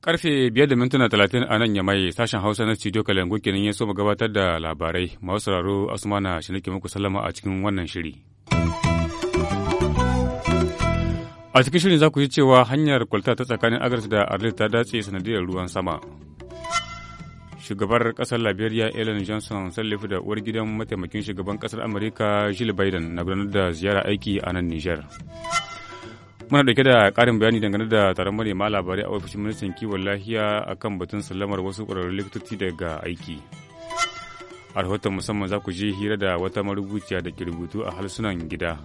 Karfe biyar da mintuna talatin a nan ya mai sashen Hausa na studio Kalangu kenan ya so mu gabatar da labarai. Masu sauraro Asmana shi nake muku sallama a cikin wannan shiri. A cikin shirin za ku ji cewa hanyar kwalta ta tsakanin Agarsu da Arlita ta dace sanadiyar ruwan sama. shugabar kasar liberia ellen johnson sallifu da uwar gidan mataimakin shugaban kasar amurka jill biden na gudanar da ziyara aiki a nan niger muna dauke da karin bayani dangane da taron manema labarai a ofishin ministan kiwon lafiya akan batun sallamar wasu ƙwararrun likitoci daga aiki a rahoton musamman za ku je hira da wata marubuciya da ke rubutu a harsunan gida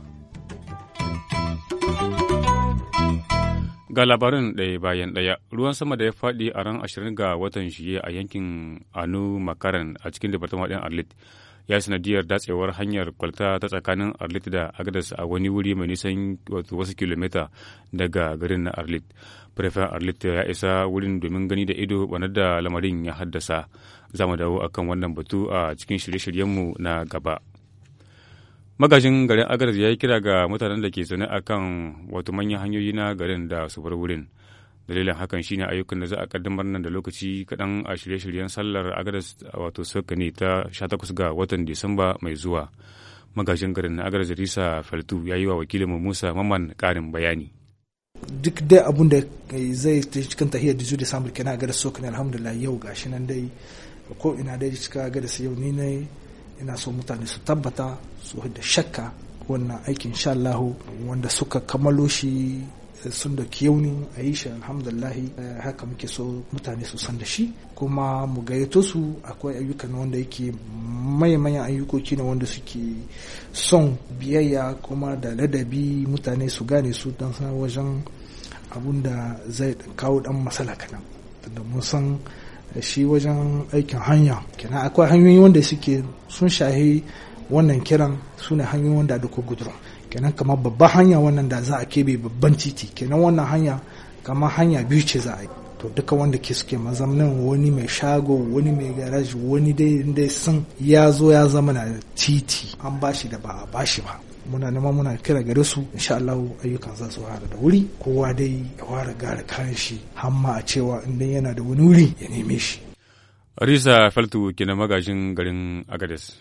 Ga labarin ɗaya bayan ɗaya, ruwan sama da ya faɗi a ran ashirin ga watan shiye a yankin Anu Makaran a cikin Departement ɗin Arlit ya sanadiyar datsewar hanyar kwalta ta tsakanin Arlit da Agadas a wani wuri mai nisan wasu kilomita daga garin na Arlit. prefer Arlit ya isa wurin domin gani da ido banar da lamarin ya haddasa. Za mu dawo akan wannan batu a cikin shirye-shiryenmu na gaba. magajin garin agadas ya yi kira ga mutanen da ke zaune a kan wato manyan hanyoyi na garin da su bar wurin dalilin hakan shine ayyukan da za a kaddamar nan da lokaci kaɗan a shirye-shiryen sallar a wato sokani ta 18 ga watan disamba mai zuwa magajin garin na agadas risa faltu ya yi wa wakilinmu musa maman ƙarin bayani duk dai abun da zai cikin tahiyar da da samun kenan agadas sokani alhamdulillah yau gashi nan dai ko ina dai cika agadas yau ni ne ina so mutane su tabbata su da shakka wannan aikin sha Allahu wanda suka kammalo shi eh, sun da yauni a yi shi alhamdulillahi eh, haka muke so mutane su san da shi kuma mu gayyato su akwai ayyukan wanda yake maimayan ayyukoki ne wanda suke son biyayya kuma da ladabi mutane su gane su don wajen abun da zai kawo dan masala kanan tunda mun san da shi wajen aikin hanya kenan akwai hanyoyi wanda suke sun shahi wannan kiran suna hanyoyi wanda duka gudura kenan kamar babban hanya wannan da za a kebe babban titi kenan wannan hanya kamar hanya biyu ce za a yi to duka wanda ke suke mazamnin wani mai shago wani mai garaji wani dai dai sun ya zo ya zama na titi an bashi da ba a bashi ba muna nema muna kira gare su insha Allah ayyukan za su fara da wuri kowa dai ya fara gara kayan shi hamma a cewa in yana da wani wuri ya neme shi Risa Faltu kina magajin garin Agades.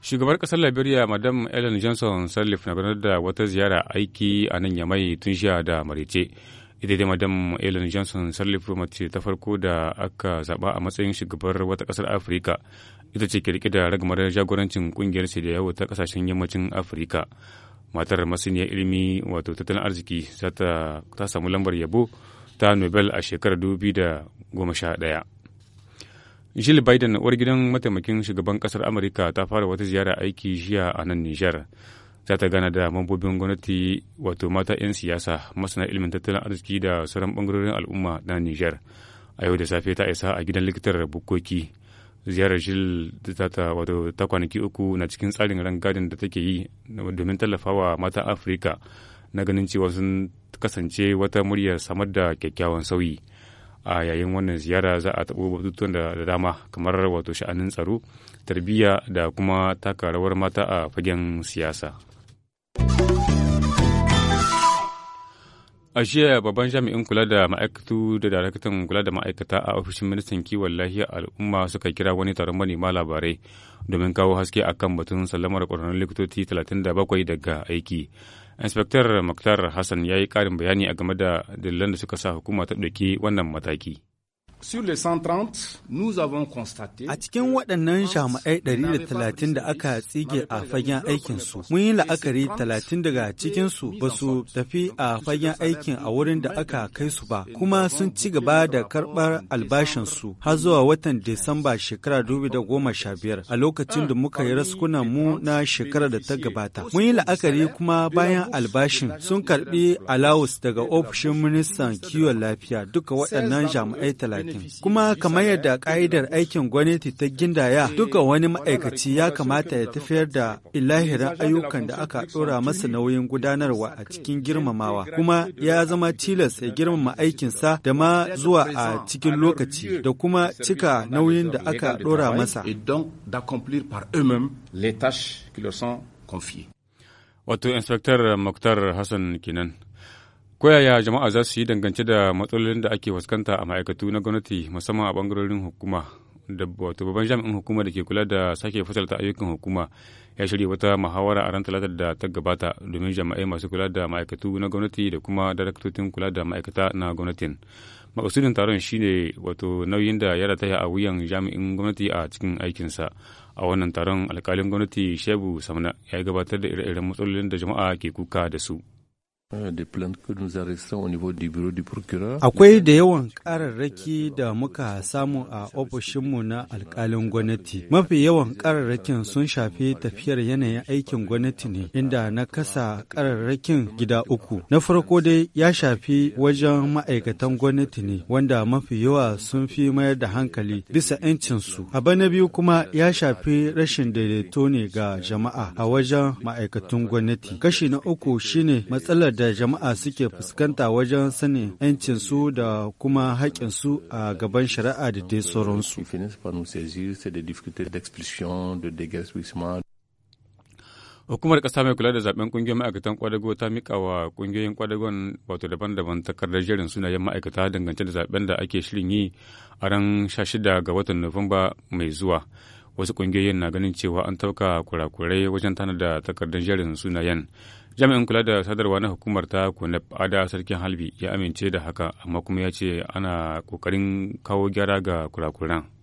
Shugabar ƙasar Liberia, Madam Ellen Johnson Sirleaf na gudanar da wata ziyara aiki a nan ya mai tun sha da Marice. Ita dai Madam Ellen Johnson Sirleaf mace ta farko da aka zaba a matsayin shugabar wata kasar Afirka ita ce ke da ragamar jagorancin kungiyar sai da yawo ta kasashen yammacin afirka matar masaniyar ilimi wato tattalin arziki ta samu lambar yabo ta nobel a shekarar da daya. jill biden uwar gidan mataimakin shugaban kasar amurka ta fara wata ziyara aiki jiya a nan nijar za ta gana da mambobin gwamnati wato mata 'yan siyasa masana ilimin tattalin arziki da sauran bangarorin al'umma na nijar a yau da safe ta isa a gidan likitar bukoki ziyarar jil ta wato ta kwanaki uku na cikin tsarin rangadin da take yi domin tallafawa mata afirka na ganin cewa sun kasance wata muryar samar da kyakkyawan sauyi a yayin wannan ziyara za a taɓo batutuwan da dama kamar wato sha'anin tsaro tarbiyya da kuma taka rawar mata a fagen siyasa A jiya babban jami'in kula da ma'aikatu da daraktan kula da ma'aikata a ofishin ministan kiwon lafiya al'umma suka kira wani taron manema labarai domin kawo haske a kan batun sallamar ƙwararrun likitoci 37 daga aiki. Inspector maktar Hassan ya yi ƙarin bayani a game da dalilan da suka sa hukuma ta ɗauki wannan mataki. A cikin waɗannan shama'ai 130 da aka tsige a fagen aikinsu, mun yi la'akari talatin daga cikinsu ba su tafi a fagen aikin a wurin da aka kai su ba, kuma sun ci gaba da karɓar albashinsu har zuwa watan Disamba shekara biyar a lokacin da muka yi raskunan mu na shekara da ta gabata. Mun yi la'akari kuma bayan albashin sun karɓi alawus daga ofishin ministan kiwon lafiya duka waɗannan jami'ai 30. aikin. Kuma kamar yadda ƙa'idar aikin gwamnati ta gindaya duka wani ma'aikaci ya kamata ya tafiyar da ilahirin ayyukan da aka ɗora masa nauyin gudanarwa a cikin girmamawa. Kuma ya zama tilas ya girmama aikinsa da ma zuwa a cikin lokaci da kuma cika nauyin da aka ɗora masa. Wato Inspector Muktar Hassan kinan. Koyaya jama'a za su yi dangance da matsalolin da ake fuskanta a ma'aikatu na gwamnati musamman a bangarorin hukuma da wato babban jami'in hukuma da ke kula da sake fasalta ayyukan hukuma ya shirya wata muhawara a ran talatar da ta gabata domin jama'ai masu kula da ma'aikatu na gwamnati da kuma daraktocin kula da ma'aikata na gwamnatin makasudin taron shine wato nauyin da ya rataya a wuyan jami'in gwamnati a cikin aikinsa a wannan taron alkalin gwamnati shebu samna ya gabatar da ire-iren matsalolin da jama'a ke kuka da su Euh, Akwai da yawan ƙararraki da muka samu a ofishinmu na alƙalin gwamnati. Mafi yawan ƙararrakin sun shafi tafiyar yanayin aikin gwamnati ne, inda na kasa ƙararrakin gida uku. Na farko dai ya shafi wajen ma'aikatan gwamnati ne, wanda mafi yawa sun fi mayar da hankali bisa 'yancinsu. Abu na biyu kuma ya shafi rashin daidaito ne ga jama'a a wajen ma'aikatun gwamnati. Kashi na uku shine matsalar da da jama'a suke fuskanta wajen sanin 'yancinsu da kuma haƙƙinsu a gaban shari'a da dai sauransu. Hukumar kasa mai kula da zaben kungiyar ma'aikatan kwadago ta mika wa kungiyoyin kwadagon wato daban-daban takardar jerin sunayen ma'aikata dangance da zaben da ake shirin yi a ran 16 ga watan Nuwamba mai zuwa. Wasu ƙungiyoyin na ganin cewa an tauka kurakurai wajen tanada takardar jerin sunayen. jami'in kula da sadarwa na hukumar ta kunab ada sarkin halbi ya amince da haka amma kuma ya ce ana kokarin kawo gyara ga kurakuran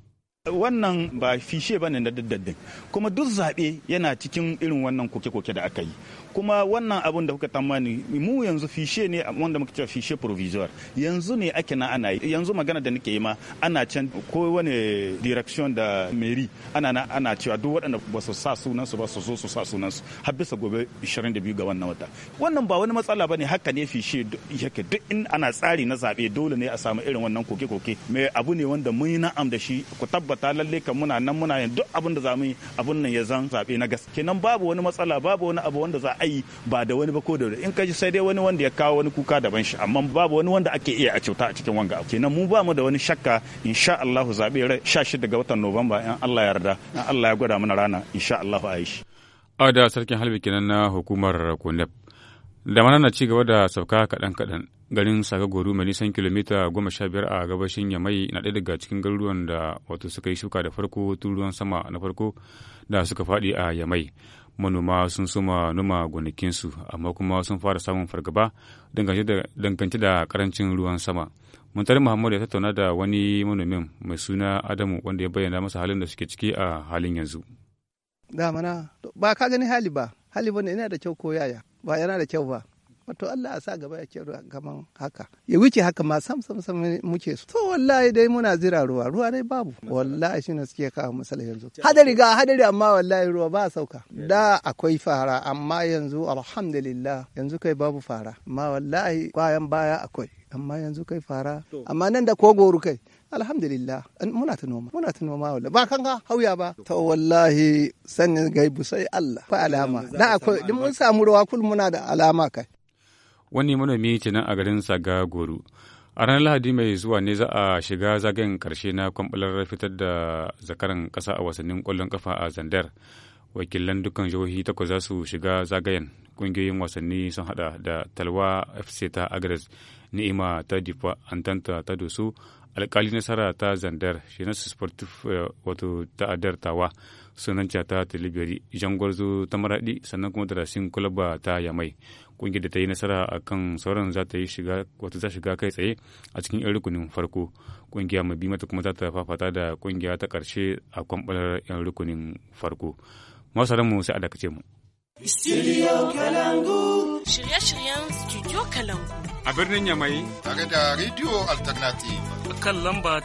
wannan ba fishe bane na daddadin kuma duk zaɓe yana cikin irin wannan koke-koke da aka yi kuma wannan abun da kuka tamani mu yanzu fishe ne wanda muka cewa fishe provisoire yanzu ne ake na ana yanzu magana da nake yi ma ana can ko wani direction da meri ana na ana cewa duk waɗanda ba su sa sunan su ba su zo su sa sunan su har bisa gobe 22 ga wannan wata wannan ba wani matsala bane haka ne fishe yake duk in ana tsari na zaɓe dole ne a samu irin wannan koke-koke mai abu ne wanda mun yi na'am da shi ku tabbata tabbata lalle kan muna nan muna yin duk abin da za mu yi abin nan ya zan zaɓe na gaske nan babu wani matsala babu wani abu wanda za a yi ba da wani ba ko da in ka ji sai dai wani wanda ya kawo wani kuka daban shi amma babu wani wanda ake iya a cuta a cikin wanga kenan mu ba mu da wani shakka insha Allah zaɓe 16 ga watan Nuwamba in Allah yarda in Allah ya gwada mana rana insha Allah a yi shi. Ada sarkin halbi kenan na hukumar Kunep. Damana na ci gaba da sauka kaɗan-kaɗan. Garin Sagagoru mai nisan kilomita goma sha biyar a gabashin Yamai na ɗaya daga cikin garuruwan da wato suka yi shuka da farko tun ruwan sama na farko da suka faɗi a Yamai. Manoma sun suma noma gonakinsu amma kuma sun fara samun fargaba dangance da karancin ruwan sama. Muntari Muhammadu ya tattauna da wani manomin mai suna Adamu wanda ya bayyana masa halin da suke ciki a halin yanzu. Damana ba ka gani hali ba, hali ba ne yana da kyau ko yaya. ba yana da kyau ba wato Allah a sa gaba ya kyau kaman haka ya wuce haka ma sam sam sam muke so wallahi dai muna zira ruwa ruwa dai babu wallahi shine suke kawo misali yanzu hadari ga hadari amma wallahi ruwa ba sauka da akwai fara amma yanzu alhamdulillah yanzu kai babu fara amma wallahi bayan baya akwai amma yanzu kai fara amma nan da kogoru goro kai alhamdulillah muna ta noma muna ta noma wallahi ba hauya ba to wallahi sanin gaibu sai Allah fa alama na akwai din mun samu ruwa kul muna da alama kai wani manomi nan a garin Saga Goro a ranar Lahadi mai zuwa ne za a shiga zagayen karshe na kwambalar fitar da zakaran kasa a wasannin kwallon kafa a Zandar wakilan dukkan jihohi takwas za su shiga zagayen kungiyoyin wasanni sun hada da talwa fc ta agres ni'ima ta difa antanta ta dusu alkali nasara ta zandar jenis sportif eh, wato ta adartawa sunanta ta tilibiri jangwarzo ta maradi sannan kuma da rasin kulaba ta yamai kungiyar da ta yi nasara a kan sauran za ta yi shiga wato za shiga kai tsaye a cikin yan rukunin farko kungiya mai bi mata kuma za ta fafata da kungiya ta karshe a kwamɓalar yan rukunin farko masu mu sai a dakace mu Studio Kalangu. shirye-shiryen Studio Kalangu. A birnin Yamai. Tare da Radio Alternative. A kan lamba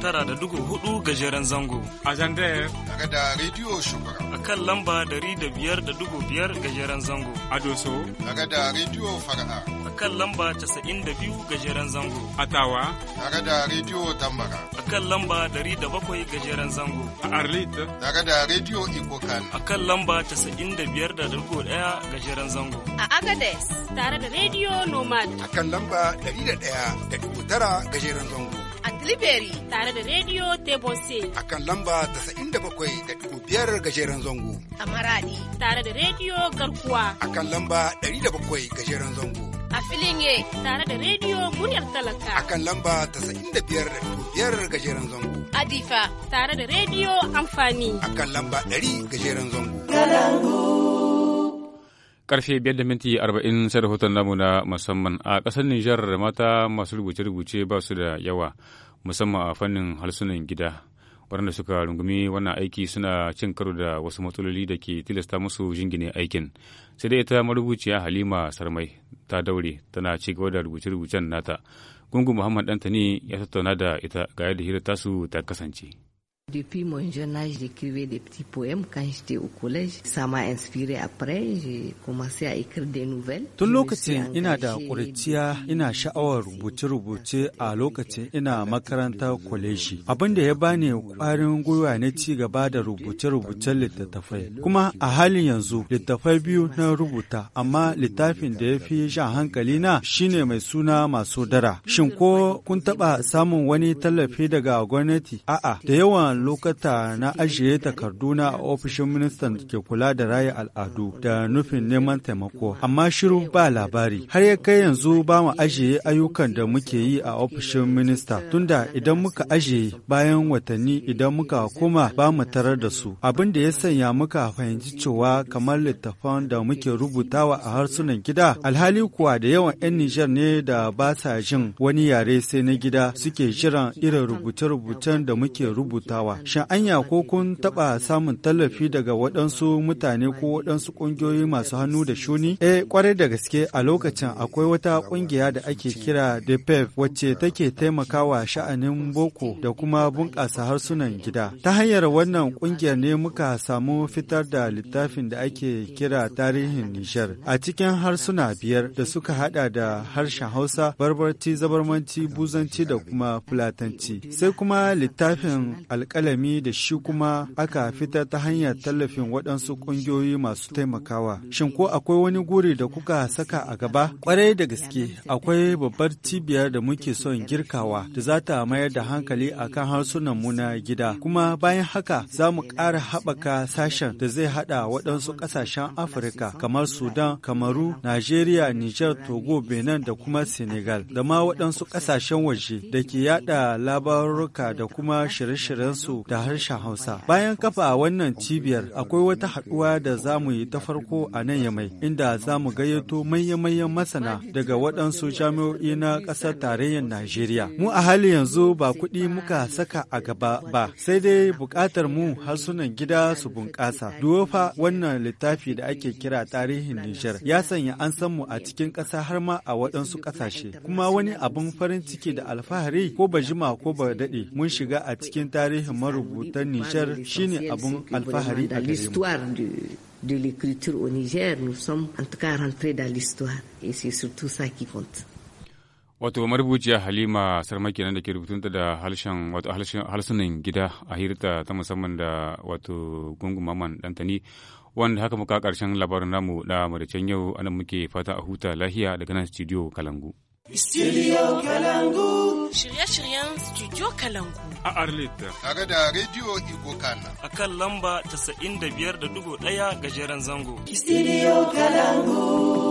tara da dugu hudu gajeren zango. A Zandaya. Tare da Radio Shugura. A kan lamba dari da da dugu biyar gajeren zango. A Doso. Tare da Radio Fara'a. a kan lamba 92 gajeren zango. a tawa. Tare da Radio Tambara. A kan lamba 107 gajeren zango. A Arlit. Tare da Radio Ikokan. A kan lamba 95.1 gajeren zango. A Agadez tare da Radio Nomad. A kan lamba 101.9 gajeren zango. A Tilibiri tare da Radio Tebose. A kan lamba 97.5 gajeren zango. A Maradi tare da Radio Garkuwa. A kan lamba 107 gajeren zango. A Filinge tare da Radio Muryar Talaka. A kan lamba 95.5 gajeren zango. A Difa tare da Radio Amfani. A kan lamba 100 gajeren zango. Kalangu. karfe biyar da minti arba'in sai rahoton namu na musamman a ƙasar nijar mata masu rubuce-rubuce ba su da yawa musamman a fannin harsunan gida waɗanda suka rungumi wannan aiki suna cin karo da wasu matsaloli da ke tilasta musu jingine aikin sai dai ita marubuciya halima sarmai ta daure tana ci gaba da rubuce-rubucen nata gungun muhammad ne ya tattauna da ita ga yadda hira tasu ta kasance Depuis mon jeune âge, j'écrivais des petits poèmes quand j'étais au collège. Ça m'a inspiré après, j'ai commencé à écrire des nouvelles. Tun lokacin ina da ƙuriciya ina sha'awar rubuce-rubuce a lokacin ina makaranta kwaleji. Abin da ya bani ƙwarin gwiwa na ci gaba da rubuce-rubucen littattafai. Kuma a halin yanzu littattafai biyu na rubuta amma littafin da ya fi shan hankali na shine mai suna masu dara. Shin ko kun taɓa samun wani tallafi daga gwamnati? A'a, da yawan Lokata na ajiye takarduna a ofishin ministan da ke kula da raya al'adu da nufin neman taimako, amma shiru ba labari. Har ya kai yanzu ba mu ajiye ayyukan da muke yi a ofishin minista, tunda idan muka ajiye bayan watanni idan muka koma ba mu tarar da su. Abin da ya sanya muka fahimci cewa kamar littafan da muke rubutawa a harsunan gida, alhali kuwa da yawan 'yan Nijar ne da ba sa jin wani yare sai na gida suke jiran irin rubuce-rubucen da muke rubutawa. yawa. Shin anya ko kun taɓa samun tallafi daga waɗansu mutane ko waɗansu ƙungiyoyi masu hannu da shuni? E, eh, kwarai da gaske a lokacin akwai wata ƙungiya da ake kira DPEP wacce take taimakawa sha'anin boko da kuma bunƙasa harsunan gida. Ta hanyar wannan ƙungiyar ne muka samu fitar da littafin da ake kira tarihin Nijar a cikin harsuna biyar da suka haɗa da harshen Hausa, Barbarci, Zabarmanci, Buzanci da kuma Fulatanci. Sai kuma littafin alƙal alkalami da shi kuma aka fita ta hanyar tallafin waɗansu ƙungiyoyi masu taimakawa. Shin ko akwai wani guri da kuka saka a gaba? Kwarai da gaske akwai babbar cibiyar da muke son girkawa da za ta mayar da hankali a kan harsunan mu na gida. Kuma bayan haka za mu ƙara haɓaka sashen da zai haɗa waɗansu ƙasashen Afirka kamar Sudan, Kamaru, Najeriya, Nijar, Togo, Benin da kuma Senegal da ma waɗansu ƙasashen waje da ke yaɗa labaruka da kuma shirye-shiryen su da harshen Hausa. Bayan kafa wannan cibiyar akwai wata haɗuwa da za mu yi ta farko a nan Yamai inda za mu gayyato manya-manyan masana daga waɗansu jami'o'i na ƙasar tarayyar Najeriya. Mu a hali yanzu ba kuɗi muka saka a gaba ba sai dai buƙatar mu harsunan gida su bunƙasa. Duwofa wannan littafi da ake kira tarihin Nijar ya sanya an san mu a cikin ƙasa har ma a waɗansu ƙasashe. Kuma wani abin farin ciki da alfahari ko ba jima ko ba daɗe mun shiga a cikin tarihin tarihin marubutan Nijar shine abun alfahari a gare de l'écriture au Niger, nous sommes en tout cas rentrés dans l'histoire et c'est surtout ça qui compte. Wato marubuciya Halima Sarmaki nan da ke rubutunta da harshen wato harsunan gida a hirta ta musamman da wato gungun maman dantani wanda haka muka karshen labarin namu da maricen yau anan muke fata a huta lahiya daga nan studio Kalangu. Studio Kalangu. shirye-shiryen Studio Kalangu. A Arlita. Tare da Radio kana A kan lamba 95.1 gajeren zango. Studio Kalangu.